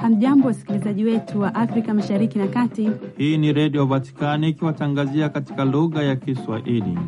Hamjambo, wasikilizaji wetu wa Afrika mashariki na kati. Hii ni Redio Vatikani ikiwatangazia katika lugha ya Kiswahili.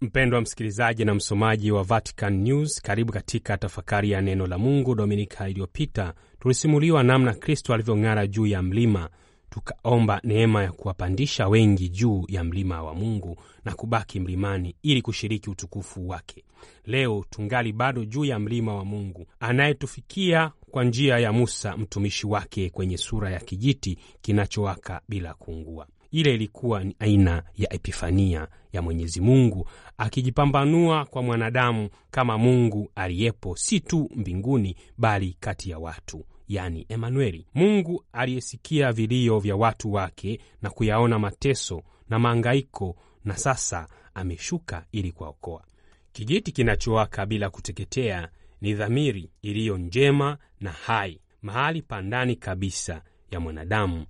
Mpendwa msikilizaji na msomaji wa Vatican News, karibu katika tafakari ya neno la Mungu. Dominika iliyopita tulisimuliwa namna Kristo alivyong'ara juu ya mlima tukaomba neema ya kuwapandisha wengi juu ya mlima wa Mungu na kubaki mlimani ili kushiriki utukufu wake. Leo tungali bado juu ya mlima wa Mungu anayetufikia kwa njia ya Musa mtumishi wake kwenye sura ya kijiti kinachowaka bila kuungua. Ile ilikuwa ni aina ya epifania ya Mwenyezi Mungu akijipambanua kwa mwanadamu kama Mungu aliyepo si tu mbinguni bali kati ya watu yani Emanueli, Mungu aliyesikia vilio vya watu wake na kuyaona mateso na maangaiko, na sasa ameshuka ili kuwaokoa. Kijiti kinachowaka bila kuteketea ni dhamiri iliyo njema na hai, mahali pa ndani kabisa ya mwanadamu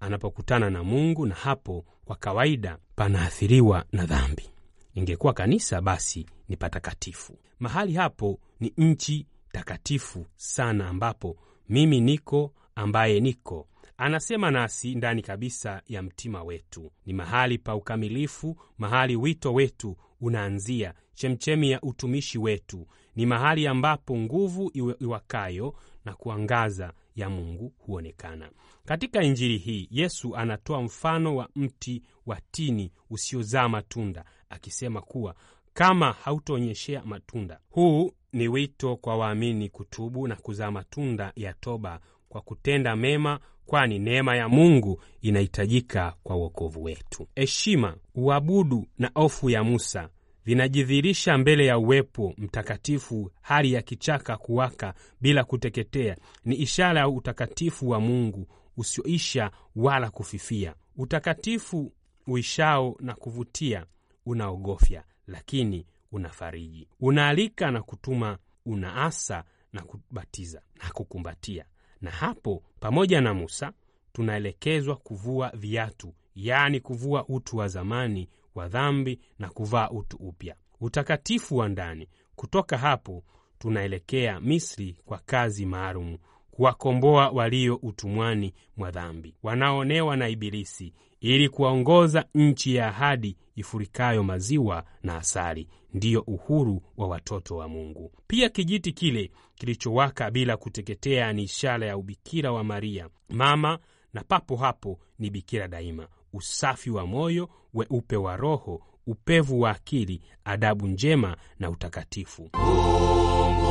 anapokutana na Mungu, na hapo kwa kawaida panaathiriwa na dhambi. Ingekuwa kanisa, basi ni patakatifu. Mahali hapo ni nchi takatifu sana, ambapo mimi niko ambaye niko, anasema nasi ndani kabisa ya mtima wetu. Ni mahali pa ukamilifu, mahali wito wetu unaanzia, chemchemi ya utumishi wetu. Ni mahali ambapo nguvu iwakayo na kuangaza ya Mungu huonekana. Katika Injili hii Yesu anatoa mfano wa mti wa tini usiozaa matunda akisema kuwa kama hautaonyeshea matunda. Huu ni wito kwa waamini kutubu na kuzaa matunda ya toba kwa kutenda mema, kwani neema ya Mungu inahitajika kwa wokovu wetu. Heshima, uabudu na hofu ya Musa vinajidhihirisha mbele ya uwepo mtakatifu. Hali ya kichaka kuwaka bila kuteketea ni ishara ya utakatifu wa Mungu usioisha wala kufifia, utakatifu uishao na kuvutia unaogofya lakini unafariji, unaalika na kutuma, unaasa na kubatiza na kukumbatia. Na hapo pamoja na Musa tunaelekezwa kuvua viatu, yaani kuvua utu wa zamani wa dhambi na kuvaa utu upya, utakatifu wa ndani. Kutoka hapo tunaelekea Misri kwa kazi maalum kuwakomboa walio utumwani mwa dhambi, wanaonewa na Ibilisi, ili kuwaongoza nchi ya ahadi ifurikayo maziwa na asali, ndiyo uhuru wa watoto wa Mungu. Pia kijiti kile kilichowaka bila kuteketea ni ishara ya ubikira wa Maria mama, na papo hapo ni bikira daima, usafi wa moyo, weupe wa roho, upevu wa akili, adabu njema na utakatifu Mungu.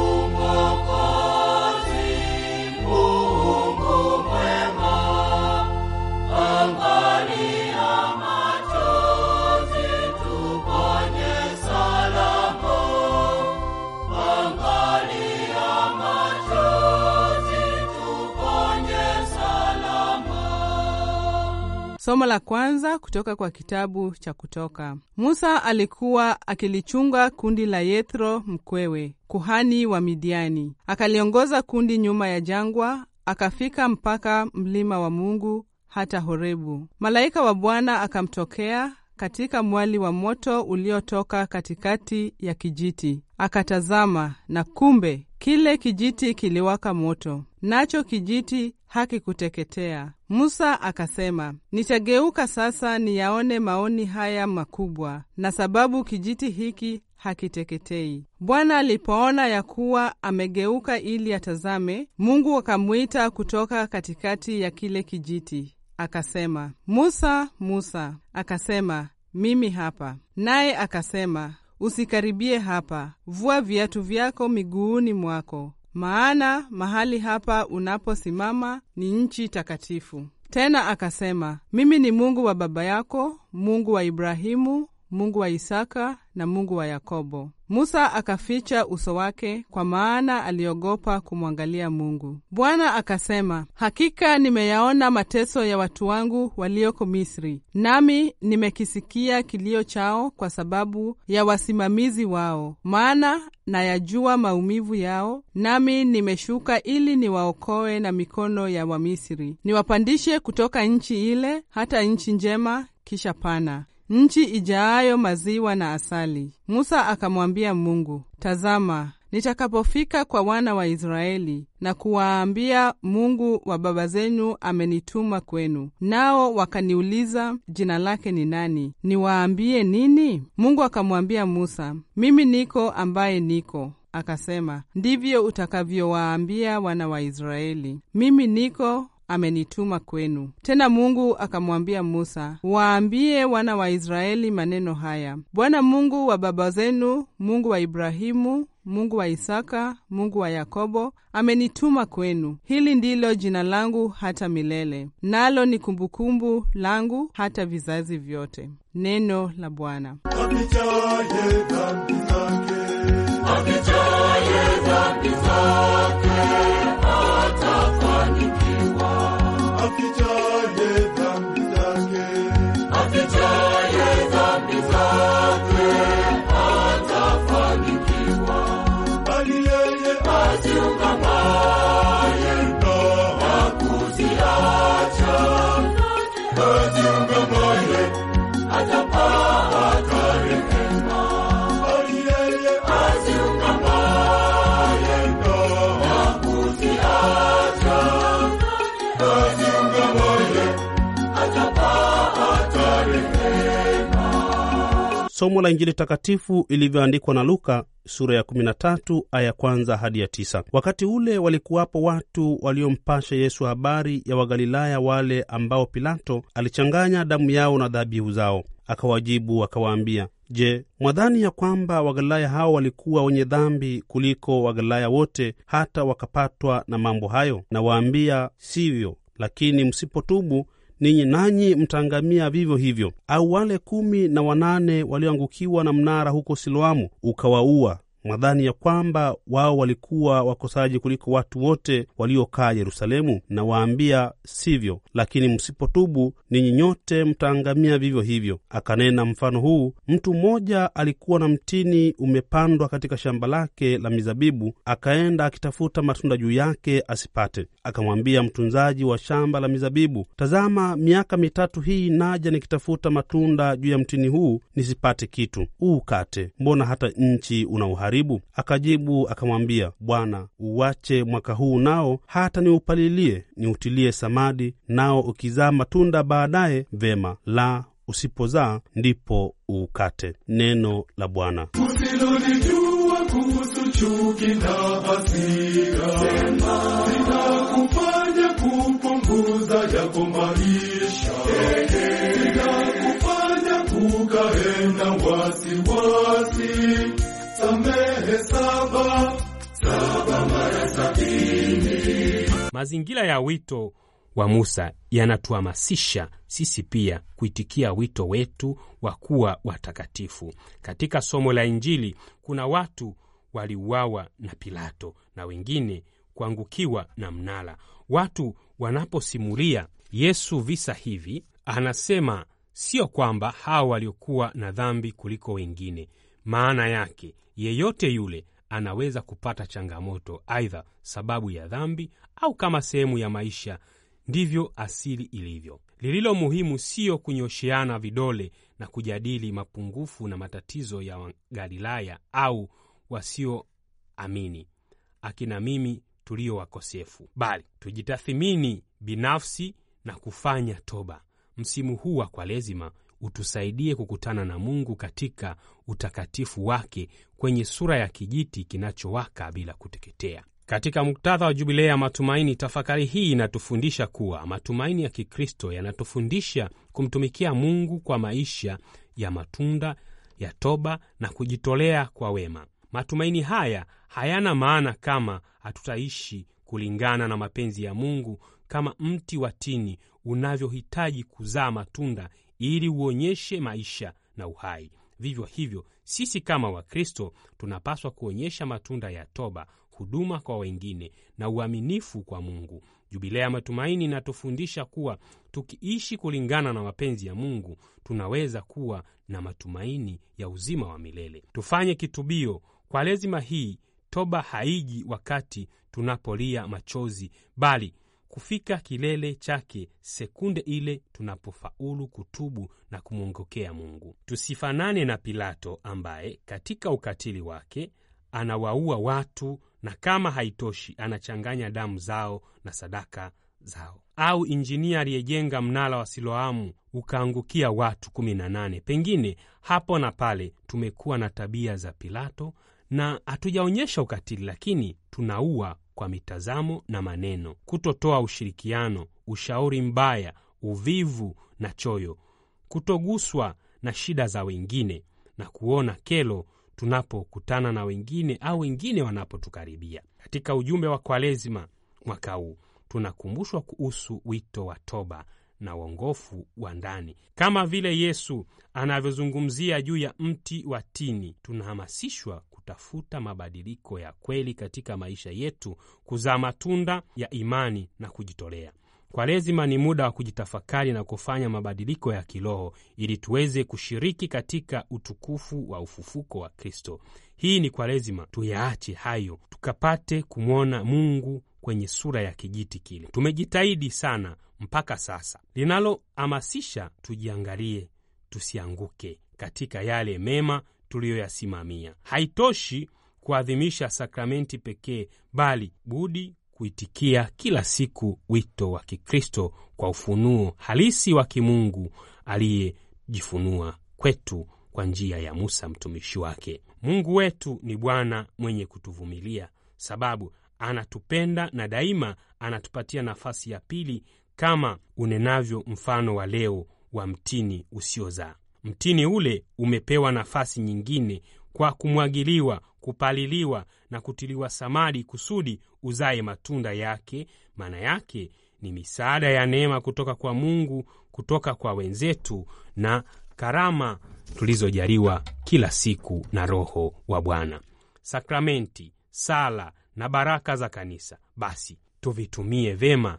Somo la kwanza kutoka kwa kitabu cha Kutoka. Musa alikuwa akilichunga kundi la Yethro mkwewe, kuhani wa Midiani. Akaliongoza kundi nyuma ya jangwa, akafika mpaka mlima wa Mungu hata Horebu. Malaika wa Bwana akamtokea katika mwali wa moto uliotoka katikati ya kijiti. Akatazama na kumbe, kile kijiti kiliwaka moto, nacho kijiti hakikuteketea. Musa akasema, nitageuka sasa niyaone maoni haya makubwa, na sababu kijiti hiki hakiteketei. Bwana alipoona ya kuwa amegeuka ili atazame, Mungu akamwita kutoka katikati ya kile kijiti, akasema, Musa, Musa. Akasema, mimi hapa. Naye akasema, usikaribie hapa, vua viatu vyako miguuni mwako, maana mahali hapa unaposimama ni nchi takatifu. Tena akasema, mimi ni Mungu wa baba yako, Mungu wa Ibrahimu, Mungu wa Isaka na Mungu wa Yakobo. Musa akaficha uso wake kwa maana aliogopa kumwangalia Mungu. Bwana akasema, hakika nimeyaona mateso ya watu wangu walioko Misri, nami nimekisikia kilio chao kwa sababu ya wasimamizi wao, maana nayajua maumivu yao, nami nimeshuka ili niwaokoe na mikono ya Wamisri, niwapandishe kutoka nchi ile hata nchi njema kisha pana nchi ijaayo maziwa na asali. Musa akamwambia Mungu, tazama nitakapofika kwa wana wa Israeli na kuwaambia, Mungu wa baba zenu amenituma kwenu, nao wakaniuliza jina lake ni nani, niwaambie nini? Mungu akamwambia Musa, mimi niko ambaye niko. Akasema, ndivyo utakavyowaambia wana wa Israeli, mimi niko amenituma kwenu. Tena Mungu akamwambia Musa, waambie wana wa Israeli maneno haya, Bwana Mungu wa baba zenu, Mungu wa Ibrahimu, Mungu wa Isaka, Mungu wa Yakobo amenituma kwenu. Hili ndilo jina langu hata milele, nalo ni kumbukumbu langu hata vizazi vyote. Neno la Bwana. Somo la Injili takatifu ilivyoandikwa na Luka sura ya 13 aya kwanza hadi ya tisa. Wakati ule walikuwapo watu waliompasha Yesu habari ya Wagalilaya wale ambao Pilato alichanganya damu yao na dhabihu zao. Akawajibu akawaambia, Je, mwadhani ya kwamba Wagalilaya hao walikuwa wenye dhambi kuliko Wagalilaya wote hata wakapatwa na mambo hayo? Nawaambia sivyo, lakini msipotubu ninyi nanyi mtaangamia vivyo hivyo. Au wale kumi na wanane walioangukiwa na mnara huko Siloamu ukawaua, mwadhani ya kwamba wao walikuwa wakosaji kuliko watu wote waliokaa Yerusalemu? Nawaambia sivyo, lakini msipotubu ninyi nyote mtaangamia vivyo hivyo. Akanena mfano huu, mtu mmoja alikuwa na mtini umepandwa katika shamba lake la mizabibu, akaenda akitafuta matunda juu yake asipate. Akamwambia mtunzaji wa shamba la mizabibu, tazama, miaka mitatu hii naja nikitafuta matunda juu ya mtini huu nisipate kitu, uukate. Mbona hata nchi uhari karibu? Akajibu akamwambia, Bwana, uwache mwaka huu nao, hata niupalilie niutilie samadi, nao ukizaa matunda baadaye vema, la usipozaa ndipo uukate. Neno la Bwana. Usilolijua kuhusu chuki na hasira zinakufanya kupunguza saba, saba mara sabini. Mazingira ya wito wa Musa yanatuhamasisha sisi pia kuitikia wito wetu wa kuwa watakatifu. Katika somo la Injili kuna watu waliuawa na Pilato na wengine kuangukiwa na mnara. Watu wanaposimulia Yesu visa hivi, anasema sio kwamba hawa waliokuwa na dhambi kuliko wengine. Maana yake yeyote yule anaweza kupata changamoto, aidha sababu ya dhambi au kama sehemu ya maisha. Ndivyo asili ilivyo. Lililo muhimu siyo kunyosheana vidole na kujadili mapungufu na matatizo ya Wagalilaya au wasioamini, akina mimi tulio wakosefu, bali tujitathimini binafsi na kufanya toba. Msimu huu wa Kwaresima utusaidie kukutana na Mungu katika utakatifu wake kwenye sura ya kijiti kinachowaka bila kuteketea. Katika muktadha wa Jubilei ya matumaini, tafakari hii inatufundisha kuwa matumaini ya Kikristo yanatufundisha kumtumikia Mungu kwa maisha ya matunda ya toba na kujitolea kwa wema. Matumaini haya hayana maana kama hatutaishi kulingana na mapenzi ya Mungu, kama mti wa tini unavyohitaji kuzaa matunda ili uonyeshe maisha na uhai. Vivyo hivyo, sisi kama Wakristo tunapaswa kuonyesha matunda ya toba, huduma kwa wengine na uaminifu kwa Mungu. Jubilea ya matumaini inatufundisha kuwa tukiishi kulingana na mapenzi ya Mungu, tunaweza kuwa na matumaini ya uzima wa milele. Tufanye kitubio kwa lezima hii. Toba haiji wakati tunapolia machozi, bali kufika kilele chake sekunde ile tunapofaulu kutubu na kumwongokea Mungu. Tusifanane na Pilato ambaye katika ukatili wake anawaua watu na kama haitoshi anachanganya damu zao na sadaka zao, au injinia aliyejenga mnara wa Siloamu ukaangukia watu 18. Pengine hapo na pale tumekuwa na tabia za Pilato na hatujaonyesha ukatili, lakini tunaua kwa mitazamo na maneno, kutotoa ushirikiano, ushauri mbaya, uvivu na choyo, kutoguswa na shida za wengine na kuona kelo tunapokutana na wengine au wengine wanapotukaribia. Katika ujumbe wa Kwaresima mwaka huu tunakumbushwa kuhusu wito wa toba na uongofu wa ndani. Kama vile Yesu anavyozungumzia juu ya mti wa tini, tunahamasishwa kutafuta mabadiliko ya kweli katika maisha yetu, kuzaa matunda ya imani na kujitolea. Kwaresima ni muda wa kujitafakari na kufanya mabadiliko ya kiroho ili tuweze kushiriki katika utukufu wa ufufuko wa Kristo. Hii ni Kwaresima, tuyaache hayo tukapate kumwona Mungu kwenye sura ya kijiti kile. Tumejitahidi sana mpaka sasa, linalohamasisha tujiangalie, tusianguke katika yale mema tuliyoyasimamia. Haitoshi kuadhimisha sakramenti pekee, bali budi kuitikia kila siku wito wa Kikristo kwa ufunuo halisi wa kimungu aliyejifunua kwetu kwa njia ya Musa mtumishi wake. Mungu wetu ni Bwana mwenye kutuvumilia, sababu anatupenda na daima anatupatia nafasi ya pili, kama unenavyo mfano wa leo wa mtini usiozaa. Mtini ule umepewa nafasi nyingine kwa kumwagiliwa, kupaliliwa na kutiliwa samadi kusudi uzaye matunda yake. Maana yake ni misaada ya neema kutoka kwa Mungu, kutoka kwa wenzetu na karama tulizojaliwa kila siku na Roho wa Bwana. Sakramenti, sala na baraka za kanisa basi tuvitumie vema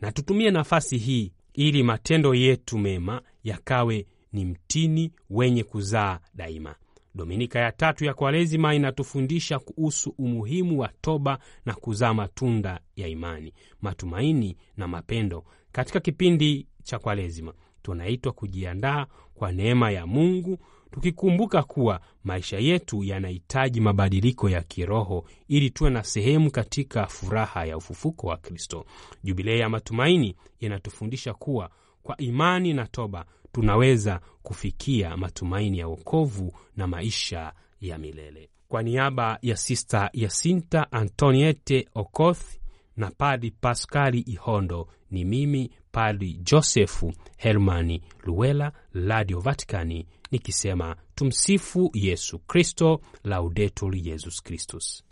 na tutumie nafasi hii ili matendo yetu mema yakawe ni mtini wenye kuzaa daima. Dominika ya tatu ya Kwaresima inatufundisha kuhusu umuhimu wa toba na kuzaa matunda ya imani, matumaini na mapendo. Katika kipindi cha Kwaresima tunaitwa kujiandaa kwa neema ya Mungu, tukikumbuka kuwa maisha yetu yanahitaji mabadiliko ya kiroho ili tuwe na sehemu katika furaha ya ufufuko wa Kristo. Jubilei ya matumaini inatufundisha kuwa kwa imani na toba tunaweza kufikia matumaini ya wokovu na maisha ya milele. Kwa niaba ya Sista Yasinta Antoniete Okoth na Padri Paskali Ihondo, ni mimi Padri Josefu Hermani Luela, Radio Vaticani, nikisema tumsifu Yesu Kristo, Laudetur Yesus Kristus.